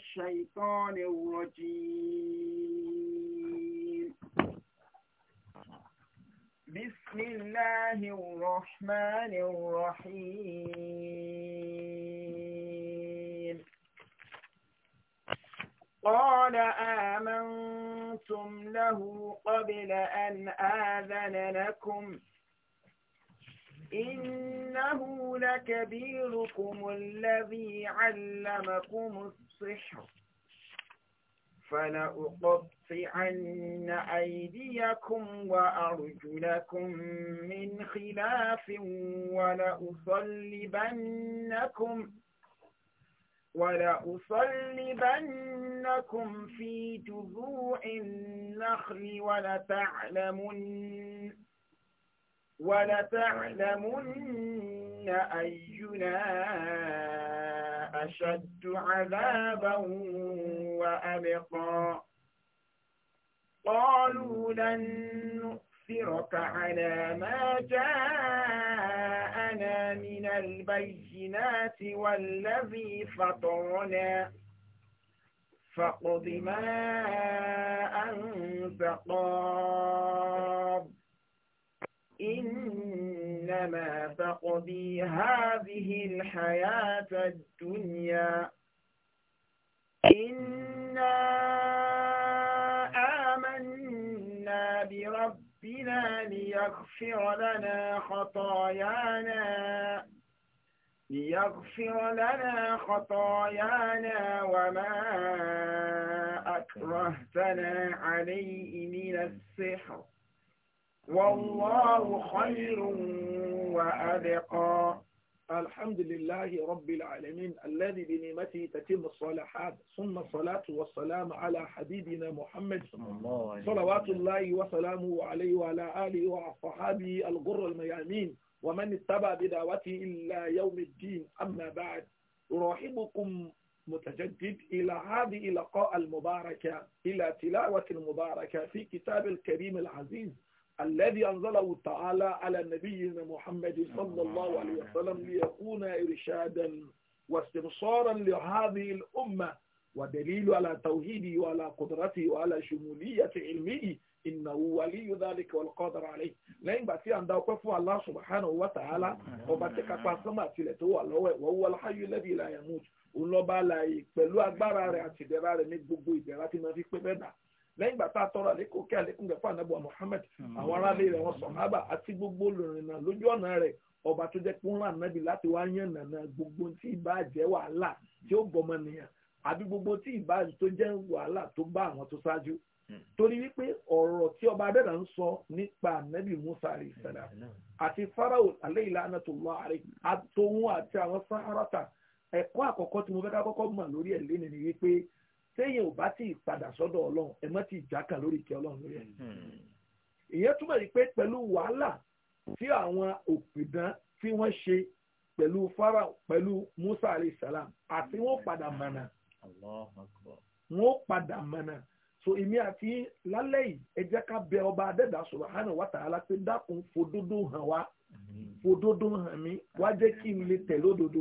الشيطان الرجيم بسم الله الرحمن الرحيم قال آمنتم له قبل أن آذن لكم إنه لكبيركم الذي علمكم السحر فلأقطعن أيديكم وأرجلكم من خلاف ولأصلبنكم ولأصلبنكم في جذوع النخل ولتعلمن ولتعلمن أينا أشد عذابا وأبقى قالوا لن نؤثرك على ما جاءنا من البينات والذي فطرنا فاقض ما أنت قاض إنما تقضي هذه الحياة الدنيا إنا آمنا بربنا ليغفر لنا خطايانا ليغفر لنا خطايانا وما أكرهتنا عليه من السحر والله خير وأبقى الحمد لله رب العالمين الذي بنيمته تتم الصالحات ثم الصلاة والسلام على حبيبنا محمد صلوات الله وسلامه عليه وعلى آله وصحابه الغر الميامين ومن اتبع بدعوته إلا يوم الدين أما بعد أرحبكم متجدد إلى هذه اللقاء المباركة إلى تلاوة المباركة في كتاب الكريم العزيز الذي أنزله تعالى على نبينا محمد صلى الله عليه وسلم ليكون إرشادا واستبصارا لهذه الأمة ودليل على توحيده وعلى قدرته وعلى شمولية علمه إنه ولي ذلك والقادر عليه لين باتي عند وقفوا الله سبحانه وتعالى وباتي كفاسما تلتو الله وهو الحي الذي لا يموت ولو بالاي بلو agbára rẹ̀ àti ìdẹ̀ra rẹ̀ ní gbogbo ìdẹ̀ra tí lẹ́yìn ìgbà tá a tọrọ àlékún kí àlékún gẹ̀fà anábọ̀ Muhammad àwọn aráàlú rẹ̀ wọn sọ̀hábà àti gbogbo olùrìnnà lójú ọ̀nà rẹ̀ ọba tó jẹ́ pọ́nrán ànábì láti wá yàn nànà gbogbo tí ìbá jẹ́ wàhálà tí ó bọ́mọ nìyàn àbí gbogbo tí ìbá tó jẹ́ wàhálà tó bá àwọn tó ṣáájú hmm. torí wípé ọ̀rọ̀ tí ọba adẹ́dà ń sọ nípa ànábì Musa alayhi salam hmm. àti Farao alayhi lanatullah alayhi àtòun àti téèyàn ò bá tí ì padà sọ́dọ̀ ọlọ́run ẹ mọ́ tí ì jákà lórí ìkẹ́ ọlọ́run lórí ẹ̀yìn. Hmm. ìyẹn túmọ̀ sí pé pẹ̀lú wàhálà tí àwọn òpìdán tí wọ́n ṣe pẹ̀lú Fáráò pẹ̀lú Musa alayhi salam àti wọ́n padà mọ̀nà. wọ́n padà mọ̀nà. so èmi àti lálẹ́ yìí ẹ jẹ́ ká bẹ ọba adẹ́dàá subhanahu wa ta'ala pé dákun fòdodo hàn wá fòdodo hàn mí wá jẹ́ kí n lè tẹ̀lé òdodo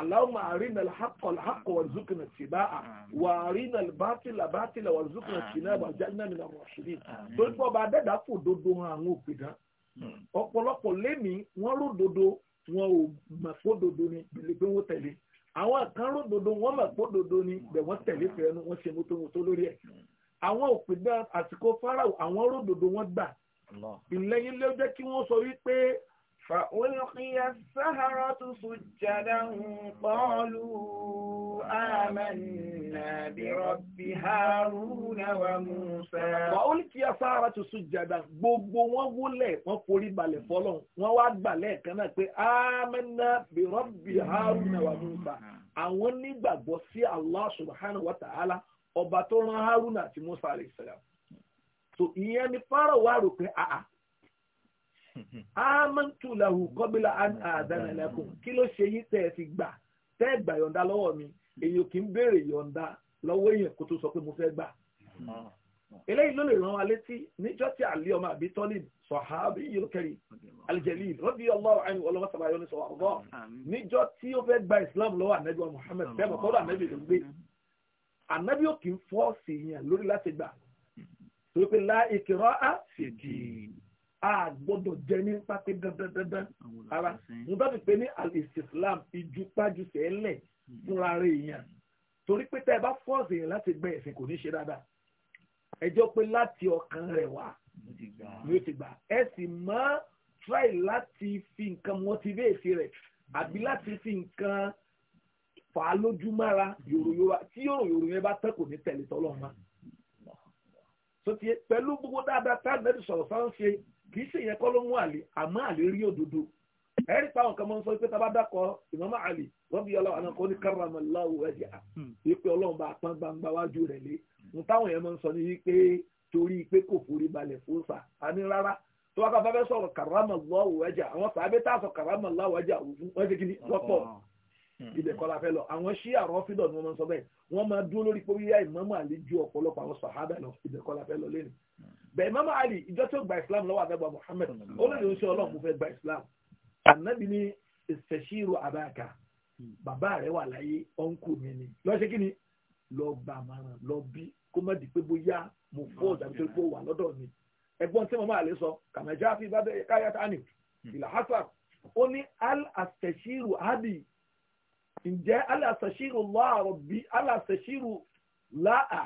Allahumma àrínà alhaqqa alhaqqa warzuqna tibaa wà àrínà albátìlà bátìlà warzuqna tinaba wàjálínà min ar-rashidin torí pé ọba adẹ́dá fòdodo hàn àwọn òpìdán ọ̀pọ̀lọpọ̀ lẹ́mìí wọ́n ródodo wọn ò mọ̀ fòdodo ni bèlè pé wọ́n tẹ̀lé àwọn kan ródodo wọn mọ̀ pé òdodo ni bẹ̀ wọ́n tẹ̀lé fẹ́ẹ́ nu wọ́n ṣe mọ́tò mọ́tò lórí ẹ̀ àwọn òpìdán àsìkò Fáráò àwọn ródodo wọn gbà ìlẹ́yìn ló jẹ́ kí wọ́n sọ wípé. فألقي السهرة سجدا قالوا آمنا برب هارون وموسى فألقي السهرة سجدا gbogbo wọn wólẹ̀ wọ́n forí balẹ̀ fọ́lọ́run wọ́n wá gbà lẹ́ẹ̀kan náà pé آمنا برب هارون وموسى àwọn nígbàgbọ́ sí Allah subhanahu wa ọba tó rán Haruna àti Musa alayhi salam so ìyẹn ni fara wà rò pé àà àmọ́ntù làwù kọ́bílà àdánilẹ́kùn kí ló ṣe yín tẹ́ ẹ fi gbà tẹ́ ẹ gbà yọ̀ǹda lọ́wọ́ mi èèyàn kì í béèrè yọ̀ǹda lọ́wọ́ èèyàn kó tó sọ pé mo fẹ́ gbà. eléyìí ló lè ràn wá létí níjọ́ tí àlè ọmọ àbí tọ́lìb sọ̀hábí yóò kẹrì alìjẹ̀lì rọ́bì ọlọ́run àìní ọlọ́wọ́ sábà ní sọ̀rọ̀ níjọ́ tí ó fẹ́ gba ìsìlámù lọ́wọ́ ànẹ́bí wa torí pé lá ìkìrọ́ á sì dì í a gbọ́dọ̀ jẹ ní pápẹ́ dandandandan ara mo bá ti pè ní al-istislam ìjùpájù sẹ́lẹ̀ fúnra rẹ̀ èèyàn torí pé tẹ́ ẹ bá fọ́ọ̀sì èèyàn láti gbẹ ẹ̀sìn kò ní ṣe dáadáa ẹ jọ pé láti ọkàn rẹ̀ wá ni ó ti gbà ẹ sì mọ́ try láti fi nǹkan motivate rẹ̀ àbí mm. láti fi nǹkan fà á lójú mára yòròyòrò tí yòròyòrò yẹn bá tẹ́ kò ní tẹ̀lé tọ́lọ́ máa sọtí pẹ̀lú gbogbo dáadáa tá ànábì sọ̀rọ̀ sáà ń ṣe kì í ṣe ìyẹn kọ́ ló mú àlè àmọ́ àlè rí òdodo ẹ̀rí táwọn kan máa ń sọ pé tábà dákọ̀ ìmọ̀mọ́ àlè wọ́n bí ọlọ́run àná kọ́ ní karamallahu ẹ̀jẹ̀ à wípé ọlọ́run bá pọ́n gbangba wájú rẹ̀ lé ohun táwọn yẹn máa ń sọ ní wípé torí pé kò forí balẹ̀ fún sa àní rárá tó wá ká fẹ́ sọ̀rọ̀ karamallahu ẹ̀jẹ̀ ẹ̀jẹ̀ àwọn ṣe kí ni lọ́pọ̀ Hmm. ibẹ̀ kọ́ la fẹ́ lọ àwọn ṣí àrọ́ fídọ̀ ni wọ́n máa ń sọ bẹ́ẹ̀ wọ́n máa dúró lórí pé wíyá ìmọ̀mọ́ àlè ju ọ̀pọ̀lọpọ̀ àwọn sàhábà lọ ibẹ̀ kọ́ la fẹ́ lọ lẹ́nu hmm. bẹ́ẹ̀ ìmọ̀mọ́ àlè ìjọ tó gba islam lọ́wọ́ àdàgbà muhammed olóde hmm. oṣù ọlọ́run mo fẹ́ gba islam ànábì ni ìṣẹ̀ṣirò àbáàkà bàbá rẹ̀ wà láyé ọ̀nkù mi ni lọ ṣe kí ni lọ gbà márùn lọ bí kó má di pé bóyá mo fọ́ ọ̀dà ó ní al àṣẹ̀ṣirò àbí ǹjẹ́ alàṣẹṣirò láàrọ̀ bí alàṣẹṣirò láà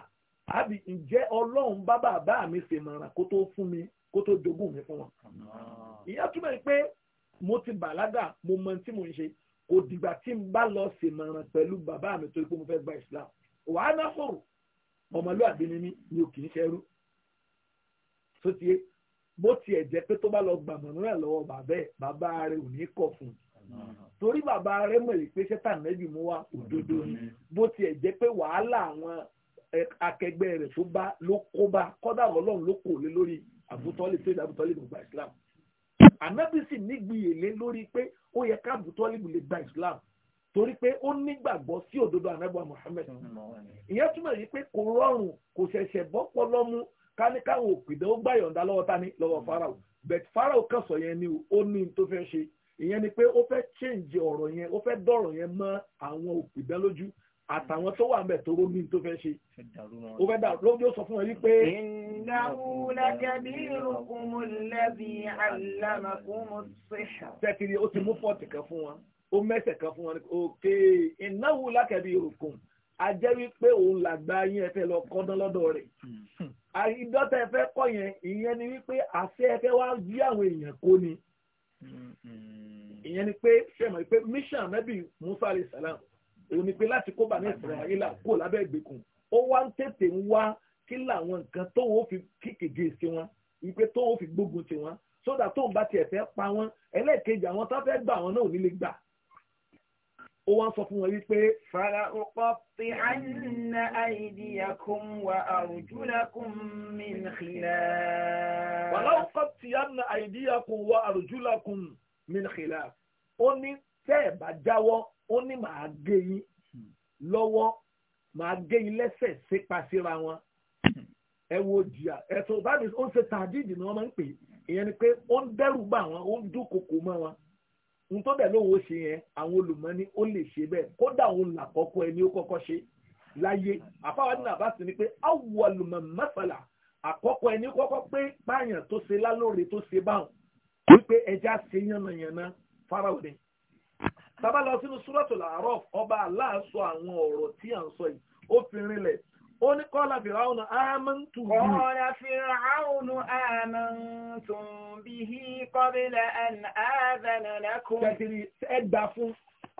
àbí ǹjẹ́ ọlọ́run bá bàbá mi ṣe mọ̀ràn kó tó fún mi kó tó jogún mi fún wọn. ìyẹn túmọ̀ ní pé mo ti bàlágà mo mọ tí mo ń ṣe kò dìgbà tí n bá lọ ṣe mọ̀ràn pẹ̀lú bàbá mi torí pé mo fẹ́ gba Islam wàá náà fòrò ọmọlúwàbí ni mí ni ò kì í ṣẹrú sótìyé bó tiẹ̀ jẹ́ pé tó bá lọ gbàmọ̀ràn lọ́wọ́ bàbá rẹ̀ ò ní kọ̀ fún un torí bàbá rẹ̀ mọ̀ pé sẹ́tà nẹ́bì mú wa òdodo ni bó tiẹ̀ jẹ́ pé wàhálà àwọn akẹgbẹ́ rẹ̀ tó bá ló kó bá kọ́dà ọlọ́run ló kò lé lórí àbútọ́lé tó yẹ àbútọ́lé ló gba Islam ànábì sì nígbìyèlé lórí pé ó yẹ ká àbútọ́lé lè gba Islam torí pé ó nígbàgbọ́ sí òdodo ànábì Muhammad ìyẹn túmọ̀ yìí pé kò rọrùn kò ṣẹ̀ṣẹ̀ bọ́ pọlọ́mú káníkàwọ̀ òpìdán ó gbàyọ̀ǹda lọ́wọ́ tani lọ́wọ́ Fáráò bẹ̀t Fáráò kàn yẹn ni ó ní tó fẹ́ ṣe ìyẹn ni pé ó fẹ́ change ọ̀rọ̀ yẹn ó fẹ́ dọ̀rọ̀ yẹn mọ́ àwọn ìdánlójú àtàwọn tó wà mẹ́ tó ró ní tó fẹ́ ṣe ó fẹ́ dà lójú ó sọ fún ẹ wípé. innahu lakabirukumul ladhi allamakumus sihr. tẹ́tìrì ó ti mú fọ́ọ̀tì kan fún wọn ó mẹ́sẹ̀ kan fún wọn òkè innahu lakabirukum a jẹ́ wípé òun làgbà yín ẹ fẹ́ lọ kọ́dán lọ́dọ̀ rẹ̀ hmm. ìdọ́tẹ̀ fẹ́ kọ́ yẹn ìyẹn ni wípé àṣẹ ẹ fẹ́ wá jí àwọn èèyàn kó ni. Mm-hmm. ìyẹn ni pé fẹ́mọ̀ pé mission anabi musa alayhi salam òun ni pé láti kó bá ní israẹla kó lábẹ́ ìgbèkùn ó wá ń tètè ń wá kí làwọn nǹkan tó wọ́n fi kíkèjì sí wọn ìpè tó wọ́n fi gbógun ti wọn sódà tó ń bá tiẹ̀ fẹ́ pa wọn ẹlẹ́ẹ̀kejì àwọn tó fẹ́ gbà wọn náà ò ní lè gbà ó wá ń sọ fún wọn wípé fara ọ̀pọ̀ fi àìnà àìdíyàkùn wà àrùjúlákùn min khilaf. wàlá ọ̀pọ̀ fi àìnà àìdíyàkùn wà àrùjúlákùn min khilaf. ó ní tẹ́ ẹ̀ bá jáwọ́ ó ní màá gé yín lọ́wọ́ màá gé yín lẹ́sẹ̀ sípa síra wọn. ẹ wo jìyà ẹ̀sùn bá ó ń ṣe tàdídì ni wọ́n máa ń pè é ìyẹn ni pé ó ń dẹ́rù bá wọn ó ń dúnkokò mọ́ wọn n tó dẹ̀ lówó ṣe yẹn àwọn olùmọ́ni ó lè ṣe bẹ́ẹ̀ kódà òun làkọ́kọ́ ẹni ó kọ́kọ́ ṣe láyé àfáwọn náà bá sì ní pé awọlùmọ̀ mẹ́fàlà àkọ́kọ́ ẹni kọ́kọ́ pé báyàn tó ṣe lálóore tó ṣe báwọn wípé ẹja ṣe yànnàyànnà fáráwọ̀ ni. sábà lọ sínú súrọ̀tù làárọ̀ ọba aláàṣọ àwọn ọ̀rọ̀ tí à ń sọ yìí ó fi rinlẹ̀ ó ní kọ́lá fìràúnù àmàntù bí. kọ́lá fìràúnù àmàntù bí i kọ́bílà àn àzànà lakum. kẹsìrì ẹgbà fún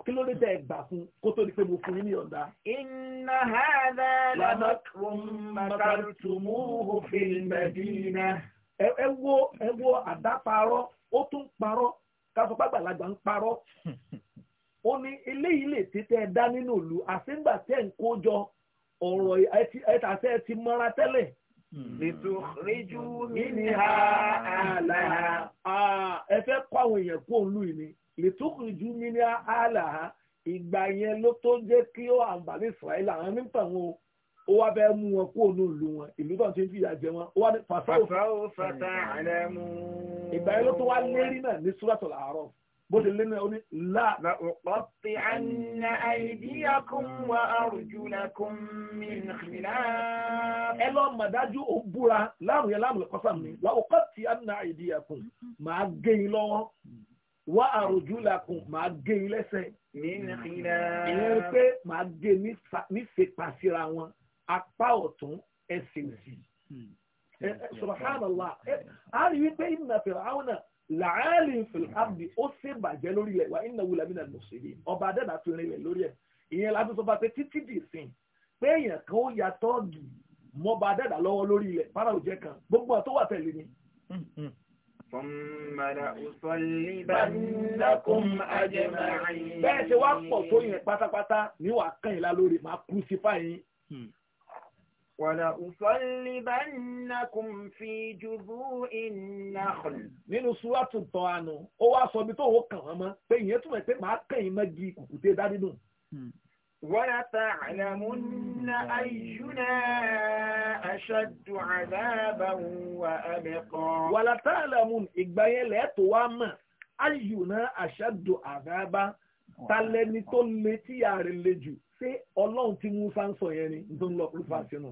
kí ló dé tẹ ẹgbà fún kó tó di pé mo fún yín ní ọ̀dà. inna hadha ẹ wo ẹ wo àdáparọ́ ó tún parọ́ ń parọ́ eléyìí lè tètè dá nínú tẹ̀ ń kó jọ ọ̀rọ̀ ẹ̀tàṣẹ́ ti mọ́ra tẹ́lẹ̀. Hmm. Lìtùkìrìjú mi ni ha àlà. Ẹ fẹ́ kọ́ àwọn èèyàn kú òun lù yìí ni. Lìtùkìrìjú mi ni ha àlà. Ìgbà yẹn ló tó jẹ́ kí ó àǹbàní Ìsìráìlì àwọn nípa wọn ó wá fẹ́ mú wọn kúrò ní ìlú wọn ìlú tó ń ti ń fìyà jẹ wọn ó wá ní fàṣọ òfin. ìgbà yẹn ló tó wá lérí náà ní Suratul A'raf bó ṣe lé ní ọ ní là. ọ̀pọ̀pì àná àìdíyàkùn wa àrùjùlákùn mi nìkìlá. ẹ lọ mà dájú ó búra láàmù yẹn láàmù lọkọ sàmì la ọ̀pọ̀pì àná àìdíyàkùn máa gé yín lọ́wọ́ wa àrùjùlákùn máa gé yín lẹ́sẹ̀. mi nìkìlá. ìyẹn pé máa gé nífẹ̀ẹ́pàṣírà wọn apá ọ̀tún ẹsẹ̀ òsì. Hmm. subhanallah a rí i pé ìnà fìrà àwọn náà làálì fìlàbì ó ṣe bàjẹ́ lórí ilẹ̀ wa iná wula mina lọ́sẹ̀lẹ̀ ọba adẹ́dà fi rinlẹ̀ lórí ẹ̀ ìyẹn la fi sọ pé títí dì sìn pé èèyàn kan ó ya tọ́ọ̀gì mọba adẹ́dà lọ́wọ́ lórí ilẹ̀ bára òjẹ́ kan gbogbo àtó wà tẹ̀lé ni. bẹ́ẹ̀ ṣe wá pọ̀ tó yẹn pátápátá ni wàá kàn yín lá lórí màá kú sí fáyín. ولأصلبنكم في جذوع النخل nínú súwátù tọ́ àánú ó wá sọ bí tóun kàn án mọ́ pé ìyẹn túmọ̀ pé màá kàn yín mọ́gi kùkùté dádínú. ولتعلمن أينا أشد عذابا وأبقى. ولتعلمن ìgbà yẹn lẹ́ẹ̀tọ́ wá mọ̀ أينا أشد عذابا talẹ́ni tó le tíyà rẹ̀ le jù ṣé ọlọ́run tí musa ń yẹn ni nítorí lọ́ọ́ ló fà sínú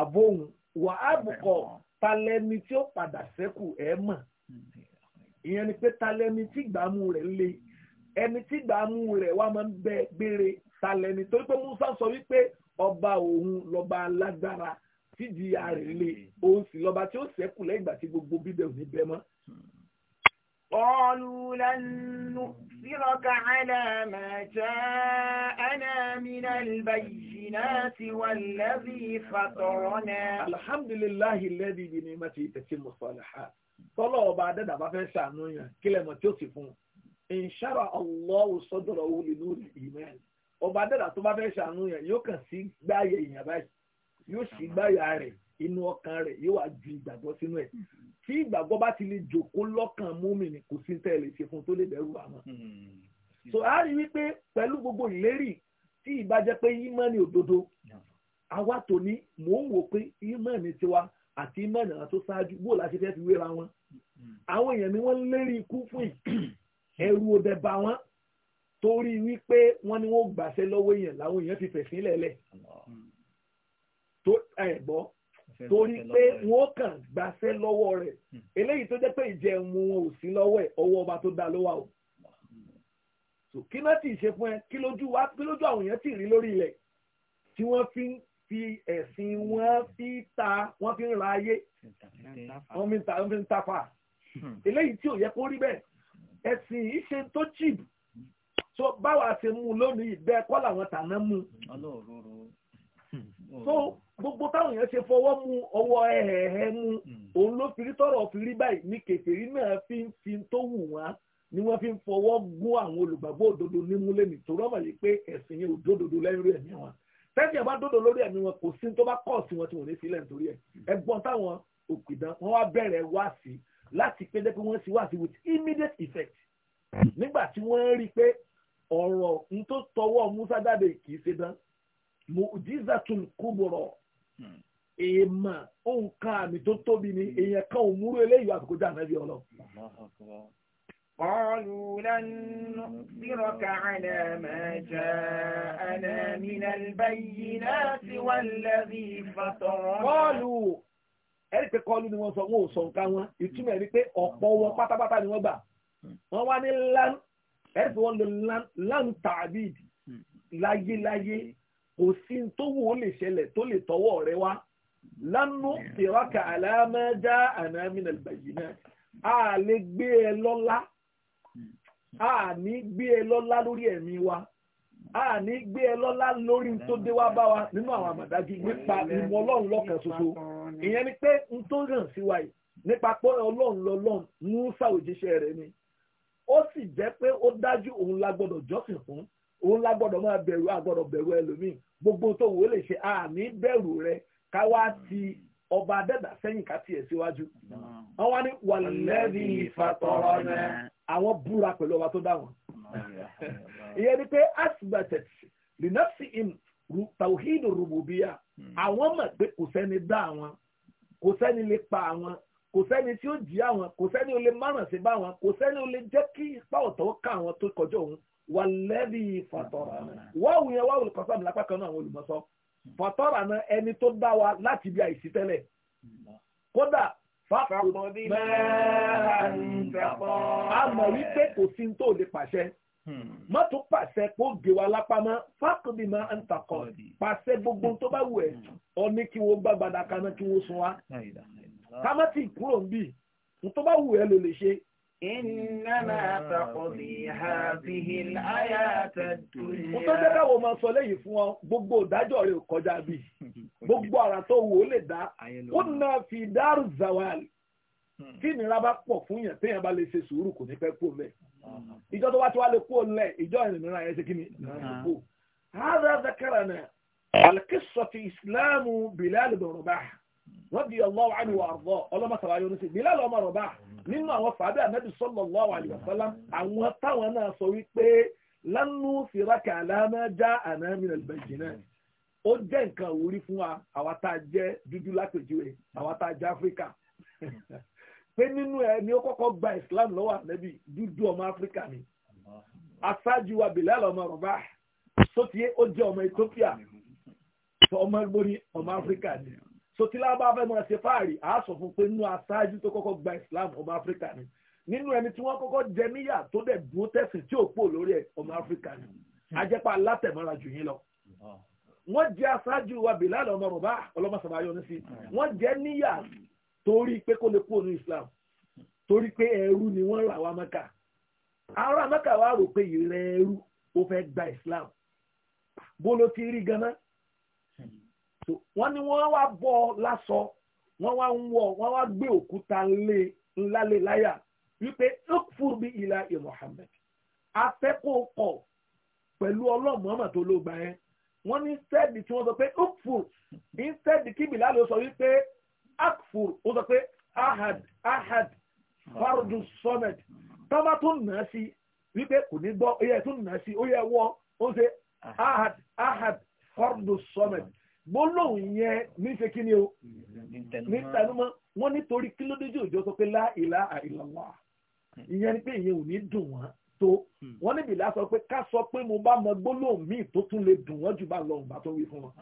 àbóhùn wà á bùkọ̀ talẹ́ni tí ó padà sẹ́kù ẹ̀ mọ̀ ìyẹn ni pé talẹ́ni tí gbàmú rẹ̀ le ẹni tí gbàmú rẹ̀ wà máa ń bẹ gbére talẹ́ni torí pé Musa sọ wípé ọba òun lọ́ba alágbára tíjìyà rẹ̀ le òun sì lọ́ba tí ó sẹ́kù lẹ́yìn ìgbà tí gbogbo bíbẹ̀ ò ní bẹ mọ́. قالوا لن نؤثرك على ما جاء من البينات والذي فطرنا الحمد لله الذي بنعمته تتم الصالحات tọ́lọ̀ ọba adẹ́dà bá fẹ́ ṣàánú yàn kílẹ̀ mọ̀ tí ó sì fún un ìṣàrà Allahu sọ́dọ̀rọ̀ òun lè lórí ìmẹ́ẹ̀lì ọba adẹ́dà tó bá fẹ́ ṣàánú yàn yóò kàn sí gbáyé èèyàn báyìí yóò sì gbáyà rẹ̀ inú ọkàn rẹ̀ yóò wá ju ìgbàgbọ́ sínú ẹ̀ tí ìgbàgbọ́ bá ti lè jòkó lọ́kàn múmi ni kò sí tẹ́ ẹ lè ṣe fún tó lè bẹ̀rù àmọ́ hmm. so a rí wípé pẹ̀lú gbogbo ìlérí tí ìbá jẹ́ pé ìmọ̀ni òdodo àwa tò ní mò ń wò pé ìmọ̀ni tiwa àti ìmọ̀ni àwọn tó ṣáájú wò láti fẹ́ fi wéra wọn mm-hmm. àwọn èèyàn ni wọ́n lérí ikú fún ẹ̀rù òdẹ bá wọn torí wípé wọ́n ní wọ́n gbàṣẹ lọ́wọ́ èèyàn làwọn èèyàn fi fẹ̀sìn lẹ̀lẹ̀ tó torí pé wọ́n kàn gbàṣẹ lọ́wọ́ rẹ̀ mm. eléyìí tó jẹ́ pé ìjẹun wọn ò sí lọ́wọ́ ẹ̀ ọwọ́ ọba tó dá lọ́wọ́ àwọn so kí náà ti ṣe fún ẹ kí lójú wa kí lójú àwọn èèyàn ti rí lórí ilẹ̀ tí wọ́n fi ń fi ẹ̀sìn wọn fi ta wọ́n fi ń ra ayé wọ́n fi ń ta wọ́n fi ń ta pa eléyìí tí ò yẹ kó rí bẹ́ẹ̀ ẹ̀sìn yìí ṣe tó cheap so báwa ṣe mú un lónìí bẹ́ẹ̀ kọ́ làwọn tàná mú un so gbogbo táwọn èèyàn ṣe fọwọ́ mu ọwọ́ ẹ̀hẹ̀ẹ̀hẹ̀ mu hmm. òun ló fi rí tọ̀rọ̀ fi rí báyìí ní kèfèrí náà fi ń fi tó wù wọ́n ni wọ́n fi ń fọwọ́ gún àwọn olùgbàgbọ́ òdodo nímúlẹ̀ ní torí ọmọ yìí pé ẹ̀sìn yẹn ò dódodo lẹ́rú ẹ̀mí wọn tẹ́sí ẹ̀bá dódò lórí ẹ̀mí wọn kò sí tó bá kọ̀ sí wọn tí wọ́n lè sílẹ̀ nítorí ẹ̀ ẹgbọ́n táwọn òpìdán wọn wá bẹ̀rẹ̀ wá sí láti pé dẹ́pẹ́ wọ́n sì wá sí with immediate effect nígbà tí wọ́n rí pé ọ̀rọ̀ n tó tọwọ́ Musa jáde kì í ṣe dán mu'jizatul kubra hmm. èèmà òǹkà àmì tó tóbi ni èèyàn kan ò múrú eléyìí àbùkù jáde náà قالوا لن نؤثرك على ما جاءنا من البينات والذي فطرنا قالوا ẹ̀rí pé kọ́lù ni wọ́n sọ wọn ò sọ nǹkan wọn ìtumọ̀ ẹ̀rí pé ọ̀pọ̀ wọn pátápátá ni wọ́n gbà wọ́n wá ní lan ẹ̀rí pé wọ́n lo lan tàbíìdì láyéláyé kò sí tó wù ó lè ṣẹlẹ̀ tó lè tọwọ́ rẹ wá lánàá tìrọ̀kà àlàmẹ́dá àná mìíràn bàyìí náà a lè gbé ẹ lọ́lá a ní gbé e lọ́lá lórí ẹ̀mí wa a ní gbé ẹ lọ́lá lórí tó dé wá bá wa nínú àwọn àmàdájú nípa ìmọ̀ ọlọ́run lọ́kàn ṣoṣo ìyẹn ni pé n tó hàn sí wa yìí nípa pé ọlọ́run lọ́lọ́run Mùsá òjíṣẹ́ rẹ ni ó sì jẹ́ pé ó dájú òun la gbọ́dọ̀ jọ́sìn fún òun la gbọ́dọ̀ máa bẹ̀rù a bẹ̀rù ẹlòmíì gbogbo tó wò ó lè ṣe a ní bẹ̀rù rẹ ká wá ti ọba adẹ́dà sẹ́yìn ká tiẹ̀ síwájú. àwọn wa ni wàlẹ́bí ìfàtọ̀rọ̀ náà. àwọn búra pẹ̀lú ọba tó dá wọn ìyẹn ni pé asibatet linafsi im tawhidu rububiya hmm. àwọn mọ̀ pé kò sẹ́ni dá àwọn kò sẹ́ni lè pa àwọn kò sẹ́ni tí ó jí àwọn kò sẹ́ni ó lè márùn sí bá àwọn kò sẹ́ni ó lè jẹ́ kí ipa ọ̀tọ̀ ká àwọn tó kọjọ́ òun wà lẹ́bi fàtọ́rà wáwù yẹn wáwù kọ́ sáàmù lápá kan náà àwọn olùmọ̀sọ́ hmm. fàtọ́rà náà ẹni tó dá wa láti bí àìsí tẹ́lẹ̀ hmm. kódà fàkùdí máa ń tẹ̀pọ̀. a mọ̀ wípé kò sí tó lè pàṣẹ hmm. má tún pàṣẹ kó gé wa lápá mọ́ fàkùdí máa ń tàkọ̀ pàṣẹ gbogbo tó bá wù ẹ́ ọ hmm. ní kí wọ́n gbá gbadà kaná kí wọ́n sun wa ká má ti kúrò ń bì tó bá wù ẹ́ ló lè ṣe Innama na hadhihi al máa sọ léyìí fún ọ, gbogbo ìdájọ́ rẹ̀ kọjá bí. Gbogbo ara tó wò ó lè dá. Ó na fi zawal. Kí hmm. ìnira bá pọ̀ fún téèyàn bá lè ṣe kò ní fẹ́ lẹ̀. Ìjọ tó ti wá lè lẹ̀, yẹn ṣe kí ni? radiyallahu anhu wa arda ọlọ́mọsàlá yọrù sí Bilal ọmọ Rabah nínú àwọn fàábẹ́ ànábì sallallahu alaihi wasallam àwọn táwọn náà sọ wípé lánú fìrákà aláàmà já àná minal bayyinat ó jẹ́ nǹkan òwúrí fún wa àwa tá a jẹ́ dúdú lápèjúwe àwa tá a jẹ́ áfíríkà pé nínú ẹ ni ó kọ́kọ́ gba islam lọ́wọ́ ànábì dúdú ọmọ áfíríkà ni aṣáájú wa Bilal ọmọ Rabah sótìyé ó jẹ́ ọmọ Ethiopia ọmọ ẹgbóni ọmọ áfíríkà ni sotila bá fẹ́ máa ṣe fáàrí a sọ fún pé nínú aṣáájú tó kọ́kọ́ gba islam ọmọ áfíríkà ni nínú ẹni tí wọ́n kọ́kọ́ jẹ níyà tó dẹ̀ dúró tẹ̀sìn tí ò pò lórí ẹ̀ ọmọ áfíríkà ni ajẹ́pá alátẹ̀mọ́ra jù yín lọ. wọ́n jẹ́ aṣáájú wa bilal ọmọ rọ̀bá ọlọ́mọsàbáyọ ní sí wọ́n jẹ́ níyà torí pé kó lè kúrò ní islam torí pé ẹrú ni wọ́n rà wá mẹ́kà ará mẹ́kà wá rò pé ìrẹ́ ẹrú ó fẹ́ gba islam bó ló ti rí ganan wọ́n ní wọ́n wá bọ́ lásọ wọ́n wá ń wọ̀ wọ́n wá gbé òkúta ńlá lé láyà wípé ukfur bi ilá i Muhammad afẹ́kọ̀ọ́ kọ̀ pẹ̀lú ọlọ́run Muhammad tó ló gbà yẹn wọ́n ní instead tí wọ́n sọ pé ukfur instead kí Bilal ló sọ wípé akfur ó sọ pé ahad ahad fardu summit tọ́ba tó nà á sí wípé kò ní gbọ́ ó yẹ tó nà á sí ó yẹ wọ́ ó ṣe ahad ahad fardu summit gbólóhùn yẹn ní ṣe kí ni o ní tẹnumọ́ wọn nítorí kí ló dójú òjò sọ pé la ilaha illallah ìyẹn ni pé ìyẹn ò ní dùn wọn tó hmm. wọn níbi ìlà sọ pé ká sọ pé mo bá mọ gbólóhùn míì tó tún lè dùn wọn jù bá lọ bá tó wí fún wọn.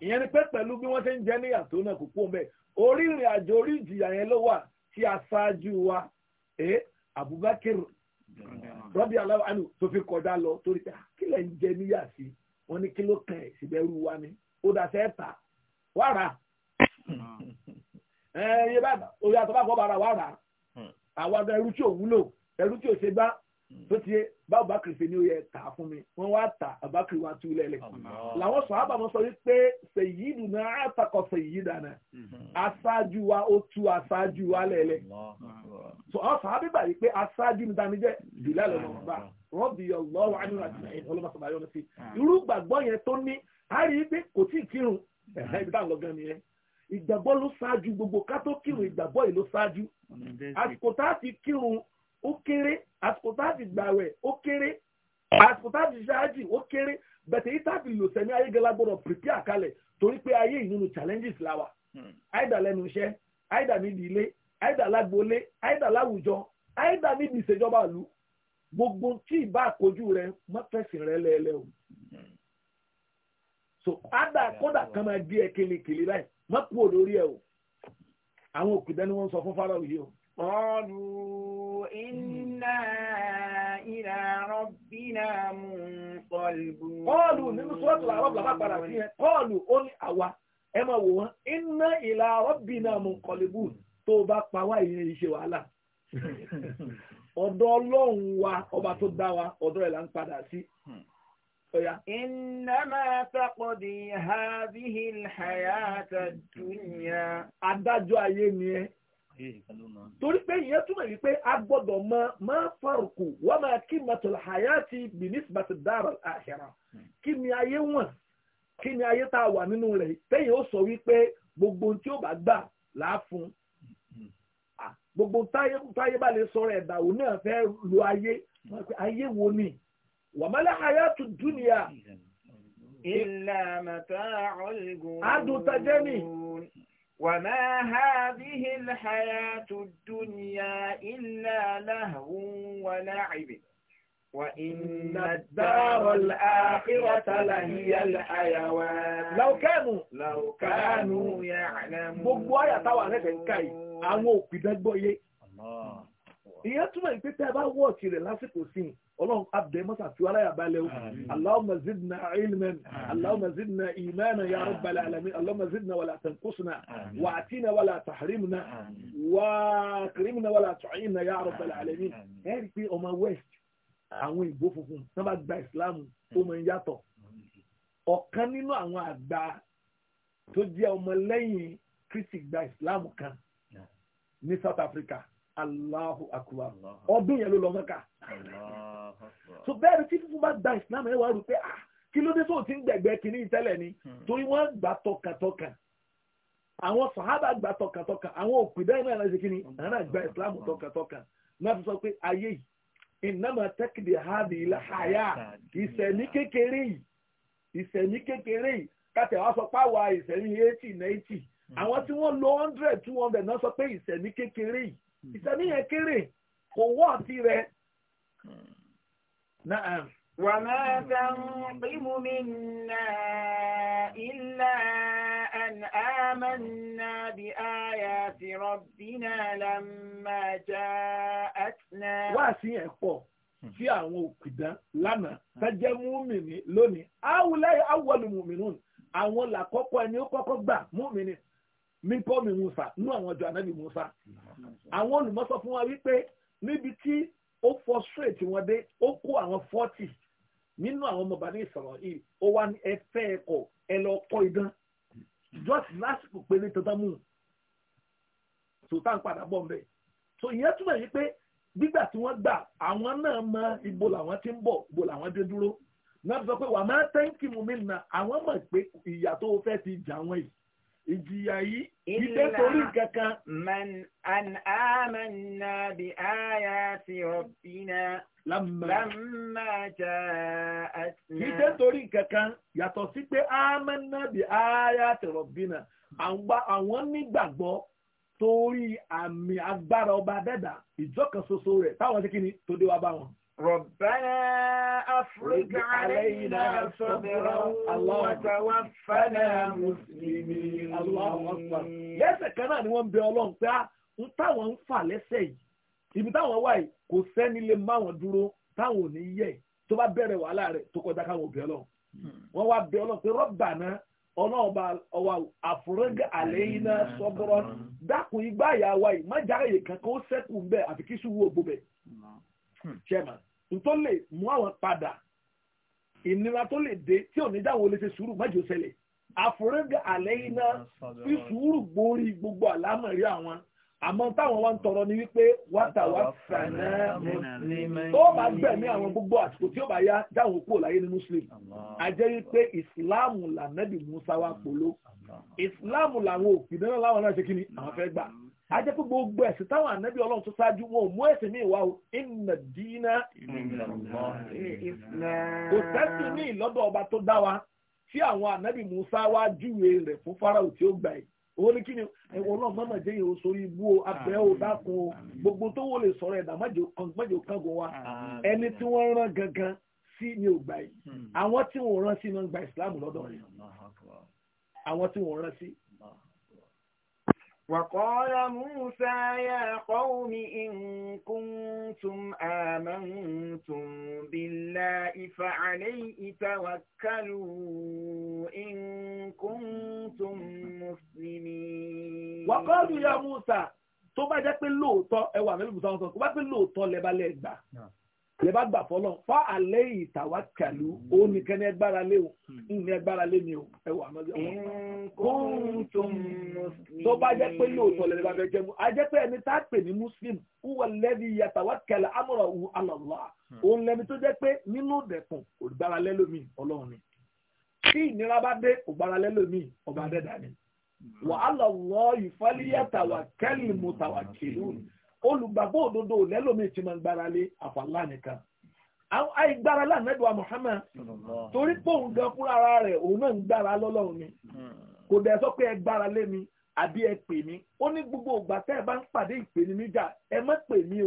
ìyẹn ni pé pẹ̀lú bí wọ́n ṣe ń jẹ́ níyà tó náà kò kú ọmọ ẹ̀ orí ìrìn àjò orí ìjìyà yẹn ló wà tí aṣáájú wa ẹ eh, Abubakar radiyallahu anhu tó fi kọjá lọ torí pé ah, kí ń jẹ níyà sí wọn ní kí ló kàn ẹ̀ síbẹ̀ wa ni. ó dà sẹ́ tà wà oye ẹ yé bá orí àtọ́bá kọ́ bára wà rà àwọn ọ̀dọ̀ ni oye taa fun mi wọn wa tà àbákìrì wa tú lẹ́lẹ̀ làwọn sọ àbàmọ́ sọ wípé ṣèyídù náà yi ṣèyídà náà wa o tu wa sọ ọ sọ àbíbà yìí pé aṣáájú ní lọ hmm. irú yẹn tó ní a rí i pé kò tí ì kírun ibi táwọn gangan nìyẹn ìgbàgbọ́ ló ṣáájú gbogbo ká tó kírun ìgbàgbọ́ yìí ló ṣáájú àsìkò tá a ti kírun ó kéré àsìkò tá a ti gbàwẹ̀ ó kéré àsìkò tá a ti ṣáájú ó kéré bẹ̀tẹ̀ yìí tá a ti lò sẹ́mi ayégalá gbọ́dọ̀ pèpè àkálẹ̀ torí pé ayé yìí challenges la wà hmm. àìdá lẹ́nu iṣẹ́ àìdá nídìí ilé àìdá lágboolé àìdá láwùjọ àìdá nídìí ìṣèjọba ìlú gbogbo tí ì so ada kódà kan máa di ẹ kelekele báyìí má kú olórí ẹ o àwọn òkùdá ni wọ́n sọ fún fáráwì yìí o. Qalu inna ila rabbina munqalibun. Qalu nínú sọ́ọ̀tù àwọn bàbá padà sí yẹn. Qalu ó ní àwa ẹ máa wò wọ́n inna ila rabbina munqalibun tó bá pa wá ìyẹn ìṣe wàhálà ọ̀dọ̀ ọlọ́run wa ọba tó dá wa ọ̀dọ̀ ẹ̀ là ń padà sí hmm. إنما taqdi هذه الحياة الدنيا ad-dunya. Adájọ́ ayé ni ẹ́. Torí pé ìyẹn túmọ̀ wípé a gbọ́dọ̀ mọ máa farqu wa ma qimmatul hayati bi nisbati dar al-akhirah. Hmm. Kí ni ayé wọ̀n? Kí ni ayé tá a wà nínú rẹ̀? Téèyàn ó sọ wípé gbogbo tí ó bá gbà láàfún. Hmm. Ah, gbogbo táyé bá lè sọ̀rọ̀ ẹ̀dàwó náà fẹ́ lo ayé. Hmm. Ayé wo ni? wàmálà hayatu dunya illa mata'ul ghurur adùn tajẹ́ ni. وما هذه الحياة الدنيا إلا لهو ولعب وإن الدار الآخرة لهي الحيوان لو كانوا لو كانوا يعلمون gbogbo ayàtàwà rẹ̀ ń káyì àwọn òpìdẹ́gbọ́ yé ìyẹn túmọ̀ ìpè tẹ́ ẹ bá wọ̀ ọ̀tì rẹ̀ lásìkò sí i ọlọ́run abdẹ mọ́sà tí wọ́n aláyà balẹ̀ o allahumma zidna ilman allahumma zidna imana ya rabbal alamin allahumma zidna wala tanqusna wa atina wala tahrimna wa akrimna wala tu'inna ya rabbal alamin ẹ rí i pé ọmọ west àwọn ìbò funfun tí wọ́n bá gba ìsìlámù ó mọ yàtọ̀ ọ̀kan nínú àwọn àgbà tó jẹ́ ọmọ lẹ́yìn kristi gba ìsìlámù kan ní south africa Allahu akbar ọdún yẹn ló lọ so bẹ́ẹ̀ ni tí fífún bá gba ìsìlámù yẹn wà rú pé ah kí ló dé tó ti ń gbẹ̀gbẹ́ kínní tẹ́lẹ̀ ni hmm. torí wọ́n gbà tọkàntọkàn àwọn sàhábà gbà tọkàntọkàn àwọn òpìdá ẹ̀rọ hmm. gba ìsìlámù hmm. tọkàntọkàn náà fi sọ pé ayé yìí ìnáma tẹ́kìdì hábì ilẹ̀ àyà ìsẹ̀mí kékeré yìí ìsẹ̀mí kékeré yìí kátẹ̀ wá sọ pé ìsẹ̀mí eighty ninety àwọn tí wọ́n lo hundred two hundred náà sọ pé ìsẹ̀mí kékeré yìí Hmm. ìsẹ̀mí yẹn kéré kò wọ́ ọ̀tí rẹ̀. وما تنقم منا إلا أن آمنا بآيات ربنا لما جاءتنا wáàsí yẹn pọ̀ hmm. sí àwọn òkùdá lánàá hmm. tẹ́jẹ́ múmìnì lónìí àwùlẹ̀ awọ́lù múmìnì àwọn làkọ́kọ́ ẹni ó kọ́kọ́ gbà múmìnì ní pọ́ọ̀mù musa ní àwọn ọjọ́ anábì musa àwọn olùmọ́sọ fún wa wípé níbi tí ó frustrate wọn dé ó kó àwọn forty nínú àwọn ọmọ bàbá ìsọ̀rọ̀ yìí ó wá ní ẹ fẹ́ ẹ lọ kọ́ idán just lásìkò pé ní tọ́tọ́ mú sòtá ń padà bọ̀ mbẹ́ so ìyẹn túmọ̀ yìí pé gbígbà tí wọ́n gbà àwọn náà mọ ibo làwọn ti ń bọ̀ ibo làwọn dé dúró náà sọ pé wà máa tẹ́ǹkì mú mi nà àwọn mọ̀ pé ìyà tó fẹ́ ti jà wọ́n yìí ìjìyà yìí ìgbẹ́ torí kankan. man an amanna bi ayati rabbina. lamma lamma ja'atna. ìgbẹ́ torí kankan yàtọ̀ sí pé amanna bi ayati rabbina àwọn nígbàgbọ́ torí àmì agbára ọba dẹ́dà ìjọ kan ṣoṣo rẹ̀ táwọn ti kí ni tó dé wá bá wọn. ربنا أفرج علينا صبرا وتوفنا مسلمين الله أكبر lẹ́sẹ̀ kan náà ni wọ́n ń bẹ Ọlọ́run pé ń ah, táwọn ń fà lẹ́sẹ̀ yìí ibi táwọn wà yìí kò sẹ́ni lè má wọn dúró táwọn ò ní yẹ̀ tó bá bẹ̀rẹ̀ wàhálà rẹ̀ tó kọjá káwọn ò Ọlọ́run hmm. wọ́n wá bẹ Ọlọ́run pé Rabbana Ọlọ́run bá ọwà àfúrẹ́gà àlẹ́yìnà hmm. sọ́bọ̀rọ̀ dákun igbá ìyá wa má jáde kankan ó sẹ́kù bẹ́ẹ̀ àfi kí sùn wú ògbó bẹ́ẹ̀ hmm. chairman tó lè mú àwọn padà ìnira tó lè dé tí ò ní dáwọn olè ṣe sùúrù mọ́jọ ṣẹlẹ̀ àforígà àlẹ́ iná fi sùúrù gborí gbogbo àlámọ̀ rí àwọn àmọ́ táwọn wá ń tọrọ ni wípé wátàwá fàánà tó bá gbẹ̀mí àwọn gbogbo àsìkò tí ó bá yá dáhùn kúrò láyé ní muslim àjẹ́ wípé ìsìláàmù lànàbì musa wa polo ìsìláàmù làwọn òfin náà láwọn náà ṣe kí ni àwọn fẹ́ gbà ajẹ́ pé gbogbo ẹ̀sìn táwọn ànábì ọlọ́run tó ṣáájú wọn ò mú ẹ̀sìn mi wá o inna dina kò sẹ́sìn ní ìlọ́dọ̀ ọba tó dá wa tí àwọn ànábì Musa wá júwe rẹ̀ fún Fáráò tí ó gbà yìí owó ní kíni ẹ̀wọ̀n náà má máa jẹ́ yìí o sórí ibú o abẹ́ o dákun o gbogbo tó wò lè sọ̀rọ̀ ẹ̀dá májò kángun wa ẹni tí wọ́n rán gangan sí ni ò gbà yìí hmm. àwọn tí wọ́n rán sí náà gba ìsìlámù lọ́dọ̀ rẹ̀ àwọn tí wọ́n rán sí وقال موسى يا قوم إن كنتم آمنتم بالله فعليه توكلوا إن كنتم مسلمين وقال يا موسى tó bá jẹ́ pé lóòótọ́ ẹwà mẹ́lùmùsá wọn sọ tó bá pé lóòótọ́ lẹ́bàá lè bá gbà fọlọ́ fa àlẹ́ ìtawakkalu hmm. ó ní kẹ́ni ẹgbára lé o hmm. ní ẹgbára lé mi o ẹ wà mọ́ kuntum muslimin. tó bá jẹ́ pé lóòótọ́ lẹ́nu bá fẹ́ jẹ́ mu a pé ẹni tá a pè ní muslim huwa alladhi yatawakkal amrahu ala Allah hmm. òun lẹ́ni tó jẹ́ pé nínú dẹ̀kùn ògbára lẹ́lómi ọlọ́run ni tí ìnira bá dé ògbára lẹ́lómi ọba dẹ́dà ni wa ala Allah falyatawakkalil mutawakkilun olùgbàgbọ́ òdodo lẹ́lòmíì ti máa ń gbára lé àfàlà nìkan àìgbára lánàdùá Muhammad torí pé òun gan fúnra ara rẹ̀ òun náà ń gbára lọ́lọ́run ni kò dẹ̀ sọ pé ẹ gbára lé mi àbí ẹ pè mí ó ní gbogbo ìgbà tẹ́ ẹ bá ń pàdé níjà ẹ má pè mí o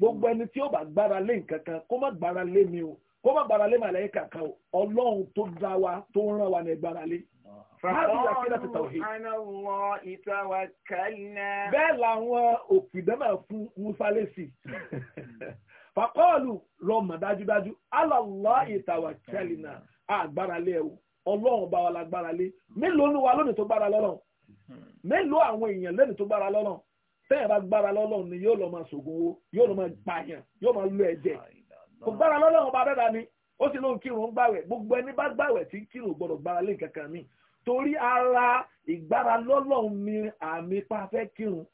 gbogbo ẹni tí ó bá gbára lé nǹkan kan kó má gbára lé mi o kó má gbára lé o Fáàbíyà kí láti tàwí. Bẹ́ẹ̀ làwọn òpìdẹ́mà fún Musa lésì. Fàkọ́ọ̀lù lọ mọ̀ dájúdájú, alàlá ìtàwà kẹ́lìnà àgbára lé ẹ̀wò, ọlọ́run bá wa lágbára lé. Mélòó ni wa lónìí tó gbára lọ́lọ́run? Mélòó àwọn èèyàn lónìí tó gbára lọ́lọ́run? Tẹ́yìn bá gbára lọ́lọ́run ni yóò lọ máa ṣògùn owó, yóò lọ máa pààyàn, yóò máa lo ẹ̀jẹ̀. Kò gbára lọ́lọ́run bá dẹ́dà ni, ó sì lóun kírun gbàwẹ̀, gbogbo ẹni bá gbàwẹ̀ tí kírun gbọ́dọ̀ gbára lé kankan míì. torí ara ìgbára lọ́lọ́run mi àmì pa kírun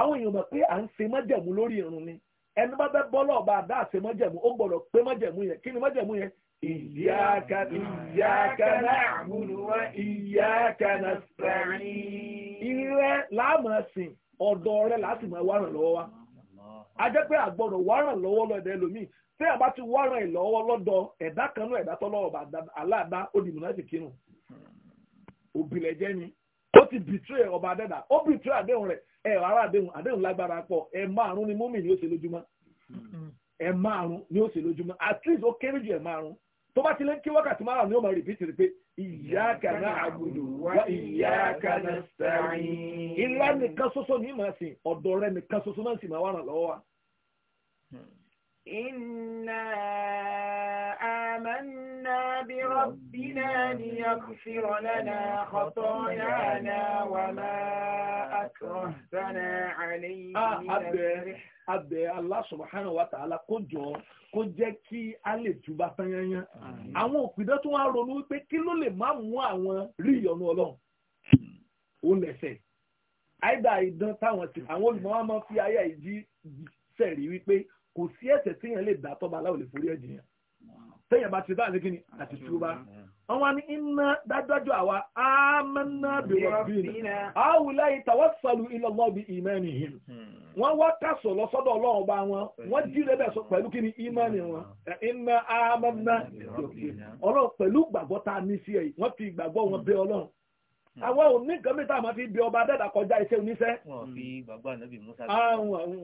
àwọn èèyàn mọ̀ pé à ń mọ́jẹ̀mú irun ni ẹni bá bẹ́ bọ́lọ̀ a àdá àṣẹ mọ́jẹ̀mú ó gbọ́dọ̀ pé mọ́jẹ̀mú yẹn kí ni mọ́jẹ̀mú yẹn. ìyáka ìyáka na'budu wa ìyáka láàmú láti máa wá ràn lọ́wọ́ wa a jẹ́ pé àgbọ̀dọ̀ wá ràn lọ́wọ́ lọ́dọ̀ ẹlòmíì tí àbá ti wá ràn lọ́dọ̀ ẹ̀dá kan òbílẹ̀jẹ́ ni ó ti bìtúrẹ̀ ọba adẹ́dà ó bìtúrẹ̀ àdéhùn rẹ ẹ ara àdéhùn àdéhùn lágbára pọ ẹ márùn ni múmi ni ó ṣe lójúmọ́ ẹ ni ó ṣe lójúmọ at least ó kéré ju ẹ márùn tó bá ti lé kí wákàtí márùn ni ó máa rí pé ilá nìkan ní ìmọ̀ ẹ̀sìn ọ̀dọ̀ آمنا بربنا ليغفر لنا خطايانا وما أكرهتنا عليه ah, abẹ Allah subhanahu wa ta'ala kó jọ kó jẹ́ kí a lè jùbá tanyanyan àwọn òpìdán tó wá ronú wípé kí ló lè má mú àwọn rí ìyọnu Ọlọ́run ó lẹsẹ àìdá ìdán táwọn ti àwọn olùmọ̀ fi ayé àìjí sẹrí wípé kò sí ẹ̀ṣẹ̀ téèyàn lè dá tọba aláwọ lè forí ẹ̀jẹ̀ yẹn tẹ́yìn bá ti bá mm-hmm. ní kíni àti túbá ọwọ́ ni iná dájọ́jọ́ àwa amẹ́nà bẹ̀rẹ̀ bínú àwùlá ìtawọ́sọ̀lù ilọ̀lọ́bì ìmẹ́ni hìn wọ́n wá kásọ̀ lọ sọ́dọ̀ ọlọ́run bá wọn wọ́n jíire bẹ́ẹ̀ sọ pẹ̀lú kíni ìmẹ́ni mm-hmm. wọn iná amẹ́nà ọlọ́run pẹ̀lú gbàgbọ́ tá ní sí ẹ̀ wọ́n fi gbàgbọ́ wọn bẹ ọlọ́run Hmm. àwa ò ní nǹkan mẹ́ta àmọ́ fi bí ọba dẹ́dà kọjá iṣẹ́ oníṣẹ́. wọn fi hmm. bàbá ànábì musa. àwọn àwọn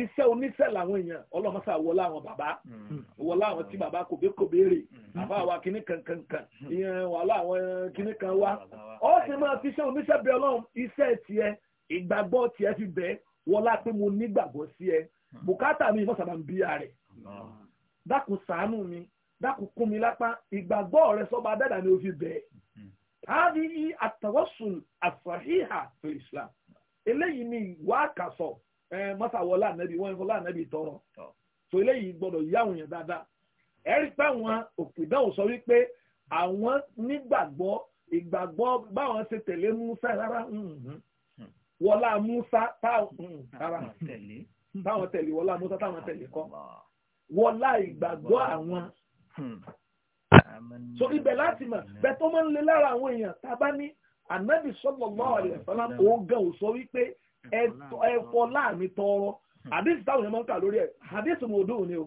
iṣẹ́ oníṣẹ́ làwọn èèyàn ọlọ́mọṣà wọlé àwọn bàbá hmm. wọlé àwọn tí bàbá kò bẹ́ kò béèrè àbá wa kíní kankankan ìyẹn wàhálà àwọn kíní kan wá. ó sì máa fi iṣẹ́ oníṣẹ́ bẹ ọlọ́run iṣẹ́ tiẹ̀ ìgbàgbọ́ tiẹ̀ fi bẹ́ẹ̀ wọlá pé mo nígbàgbọ́ sí ẹ bùkátà mi ìfọ̀sàbà ń bí هذه التوصل الصحيحة في الإسلام eléyìí ni ìwà àkàsọ ولا mọ́sàwọlá ànábì wọ́n ìfọlá ànábì tọrọ so eléyìí gbọ́dọ̀ yá àwọn èèyàn dáadáa ẹ̀rí pé àwọn òpìdánwò sọ wípé àwọn nígbàgbọ́ ìgbàgbọ́ báwọn ṣe tẹ̀lé Musa rárá hmm. wọlá Musa hmm, táwọn tẹ̀lé wọlá Musa táwọn tẹ̀lé kọ́ wọlá ìgbàgbọ́ àwọn. Hmm so ibẹ̀ láti mọ̀ bẹ́ẹ̀ tó máa ń le lára àwọn èèyàn tá a bá ní ànábì sallallahu alaihi wasallam ògàn ò sọ wípé ẹ̀fọ́ láàmì tọrọ àdéhùn táwọn èèyàn máa ń kà lórí ẹ̀ àdéhùn mò dóò ni o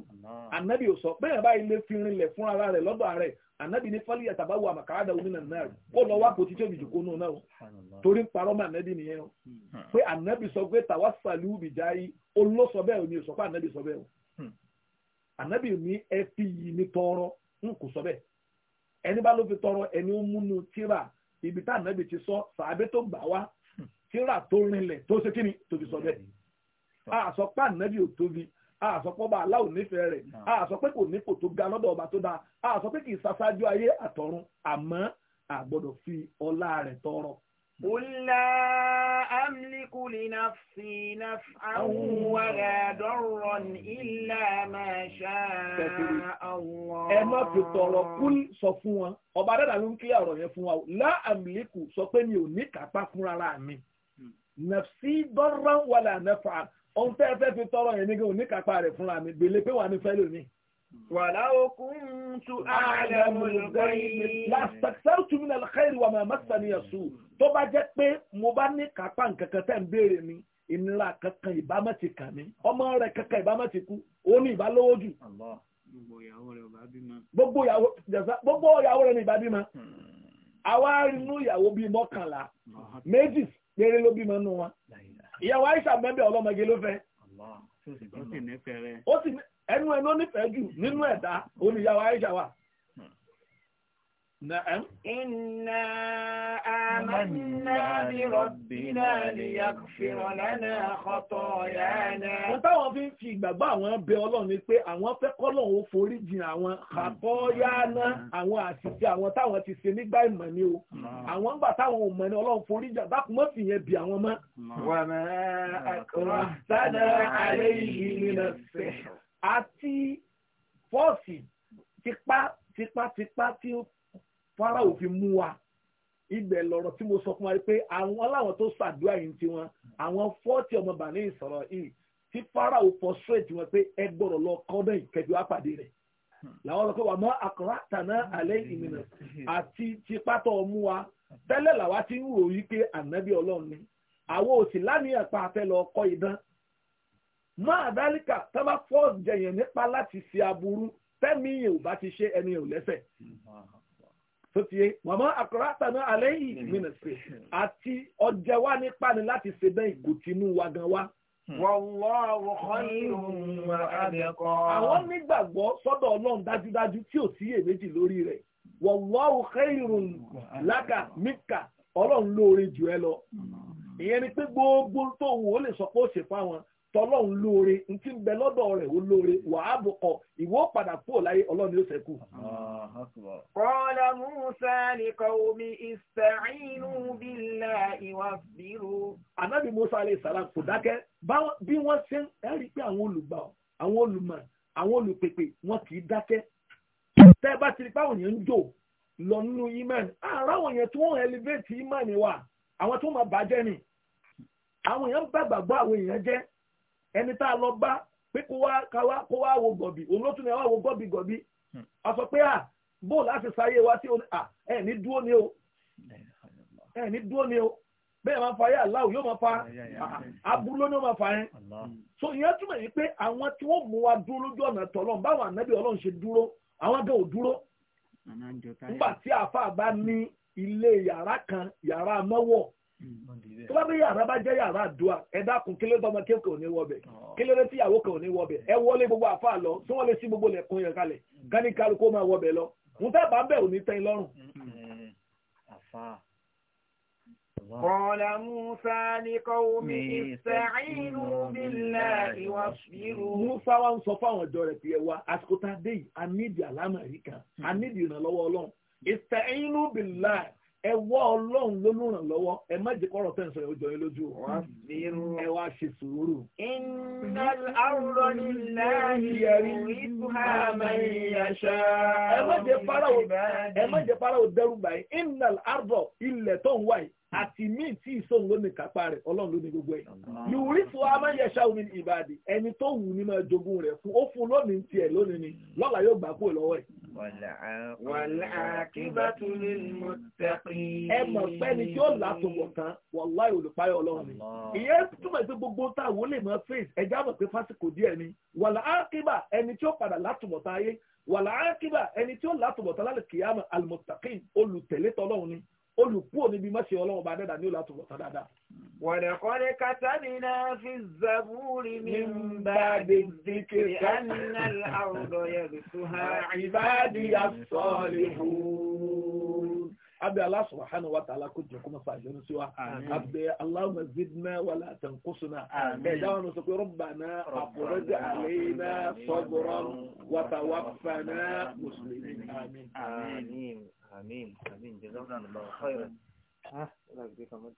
ànábì ò sọ bẹ́ẹ̀ bá ilé fi rinlẹ̀ fún ara rẹ̀ lọ́dọ̀ ààrẹ ànábì ní fọ́lì ẹ̀tàbá wo àmàkàràdà onínà náà kó lọ wá pòtítì òbíjì kó náà o torí parọ́ mọ́ ànábì nìyẹn o hmm. pé ànábì sọ pé tàwa sàlù bìjà yìí n kò sọ bẹ́ẹ̀ ẹni bá ló fi tọrọ ẹni ó múnú tíra ibi tá ànábì ti sọ sàábé tó gbà wá tíra tó rinlẹ̀ tó ṣe kíni tó fi sọ bẹ́ẹ̀ àsọpá ànábì ò tóbi àsọpọ̀ ọba aláwọ̀ nífẹ̀ẹ́ rẹ̀ àsọpẹ́ kò nípò tó ga lọ́dọ̀ ọba tó dáa àsọpẹ́ kì í sasájú ayé àtọ̀run àmọ́ àgbọ́dọ̀ fi ọlá rẹ̀ tọrọ قل لا أملك لنفسي نفعا ولا ضرا إلا ما شاء الله ẹ má fi tọrọ kúl sọ fún wọn ọba dáadáa ló ń kílẹ̀ ọ̀rọ̀ yẹn fún wa la amliku sọ pé mi ò ní kápá fúnra mi hmm. nafsi darran wala naf'an ohun tẹ́ ẹ fẹ́ fi tọrọ yẹn ní kí n ò ní kápá rẹ̀ fúnra mi gbèlè pé wà ní fẹ́ lónìí. ولو كنت أعلم الغيب لاستكثرت من الخير وما مسني السوء tó bá jẹ́ pé mo bá ní kápá nǹkankan tẹ́ ń béèrè mi ìnira kankan ìbámu ti kàn mí ọmọ rẹ kankan ìbámu ti kú òun ní ìbálòwò jù. gbogbo ìyàwó rẹ ní ìbá bímọ. àwa inú ìyàwó bíi mọ́kànlá méjì péré ló bímọ nù wọn. ìyàwó àìsàn mẹ́bẹ̀ẹ́ ọlọ́mọge ẹnu ẹ̀ ló nífẹ̀ẹ́ jù nínú ẹ̀dá olùyàwó Aisha wa. Na'am. Inna amanna bi rabbina liyaghfira lana khatayana. Wọ́n táwọn fi ń fi ìgbàgbọ́ àwọn bẹ Ọlọ́run ni pé àwọn fẹ́ kọ́lọ́run ó forí jìn àwọn khatayana àwọn àṣìṣe àwọn táwọn ti ṣe nígbà ìmọ̀ ni o. Àwọn ń gbà táwọn ò mọ̀ ni Ọlọ́run forí jà dákun mọ́ fi yẹn bí àwọn mọ́. Wa ma akrahtana alayhi min as-sihr àti fọ́ọ̀sì tipátipá tí Fáráò fi mú wa ibẹ̀ lọ̀rọ̀ tí mo sọ fún wa pé àwọn aláwọ̀ tó ṣàdúrà yìí ti wọn àwọn fọ́ọ̀tì ọmọ bàní ìsọ̀rọ̀ yìí tí Fáráò frustrate wọn pé ẹ gbọ́dọ̀ lọ kọ́dọ̀ ìkẹ́bí wá pàdé rẹ̀ làwọn sọ pé wà mọ́ àkàrà tàná alẹ́ ìmìnà àti tipátọ̀ mú wa tẹ́lẹ̀ làwa ti ń ròyìn pé ànábì ọlọ́run ni àwọn òsì lánìyàn pa afẹ́ lọ kọ́ idán máa dálíkà tó bá fọ́ọ̀sì jẹyàn nípa láti ṣe aburú tẹ́mi yẹn ò bá ti ṣe ẹni ò lẹ́sẹ̀ tó ti yé wọ́n mọ́ náà alẹ́ yìí mìíràn sí àti ọjẹ́ wa nípa ni láti ṣe bẹ́ẹ̀ ìgòtínú wa gan wa. Wallahu khayrun wa abqa. Àwọn nígbàgbọ́ sọ́dọ̀ Ọlọ́run dájúdájú tí ò sí èméjì lórí rẹ̀. Wallahu khayrun laka minka Ọlọ́run lóore jù ẹ lọ. Ìyẹn ni pé gbogbo tó wò ó lè sọ pé ó ṣe fáwọn tọ́lọ́hún lóore ntí ń bẹ lọ́dọ̀ rẹ̀ ó lóore wàá bò kọ ìwọ padà kúrò láyé ọlọ́run yóò ṣẹ́kù. qala Musa li qawmi ista'inu billahi wasbiru. ànábì Musa alayhi salam kò dákẹ́ bí wọ́n ṣe ń rí pé àwọn olùgbà àwọn olùmọ̀ àwọn olùpèpè wọn kì í dákẹ́. tẹ́ bá ti rí pé àwọn yẹn ń jò lọ nínú imán àràwọ̀ yẹn tí wọ́n elevate imán wa àwọn tó máa bàjẹ́ ni àwọn èèyàn bá gbàgbọ́ àwọn èèyàn jẹ́ ẹni tá a lọ bá pé kó wá kó wá wo gọ̀bì òun ló tún ní wá wo gọ̀bì gọ̀bì hmm. a sọ pé à bó láti sáyé wa sí à ẹ ní dúró ni o ẹ ní dúró ni o bẹ́ẹ̀ máa fa ayé aláwọ̀ yóò máa fa aburú ló ó máa fa yẹn so ìyẹn túmọ̀ yìí pé àwọn tí wọ́n mú wa dúró lójú ọ̀nà tọ̀lọ́n báwọn ànábì ọlọ́run ṣe dúró àwọn gan ò dúró nígbà tí àáfàá bá ní ilé yàrá kan yàrá mọ́wọ́ tó bá bí yàrá bá jẹ́ yàrá àdúrà ẹ dákun kí ló dọ́mọ kéèkó ní wọ́bẹ̀ kí ló dé tí ìyàwó kan ò ní wọ́bẹ̀ ẹ wọlé gbogbo àfa lọ tí wọ́n lè sí gbogbo lẹ̀kùn yẹn kalẹ̀ gani mm. kálukú máa wọ́bẹ̀ lọ mo fẹ́ bá bẹ̀ ò ní lọ́rùn. Mm-hmm. Musa wá ń sọ fáwọn ọ̀dọ́ rẹ̀ pé ẹ wá àsìkò tá a dé yìí, a nídìí àlámà yìí kan, a nídìí ìrànlọ́wọ́ Ọlọ́run. Ista'inu mm. billah ẹ wọ́ ọlọ́run lólùrànlọ́wọ́ ẹ má jẹ́ kọ́rọ̀ tẹ̀ ń sọ ìjọ yín lójú ẹ wá ṣe sùúrù. innal arda lillahi yarithuha man yasha. ẹ má jẹ́ fáráwò dẹ́rù báyìí innal arda ilẹ̀ tó ń wáyìí àti míì tí ìsóhun ló ní kápá rẹ̀ ọlọ́run ló ní gbogbo ẹ̀. yùrí tó a máa ń yẹṣẹ́ omi ìbàdí ẹni tó wù ní máa jogún rẹ̀ fún ó fún lónìí tiẹ̀ lónìí ni mm. lọ́la yóò gbà kúrò lọ́wọ́ ẹ̀. wàlá àkíbátú ní mọ̀tẹ́kìn. ẹ mọ̀ pé ni tí ó là tó wọ̀ kan wàláì olùpáyọ̀ ọlọ́run ni. ìyẹn túmọ̀ sí gbogbo táwọn olè máa fèsì ẹja mọ̀ pé fásitì díẹ̀ ni wàlá àkíbà ẹni tí ó padà látùmọ̀ táyé wàlá àkíbà ẹni tí ó látùmọ̀ táyé olùkú òní bí mọ́ṣẹ́ ọlọ́run bá dẹ́dà ní ó látọ̀ wọ̀tá dáadáa. wọ̀lẹ̀kọ́lẹ̀ katabina fi zaburi min ba'di dhikri anna al-arda yarithuha ibadiya as-salihun. abẹ́ Allah subhanahu wa ta'ala kó jẹ́ kó máa fàájọ́ ní síwá abẹ́ Allahumma zidna wala tanqusna ẹ̀dá wọn sọ pé rabbana àpòrọ́jì alayna sabran wa tawaffana muslimin àmín àmín jẹ́ lọ́nà lọ́wọ́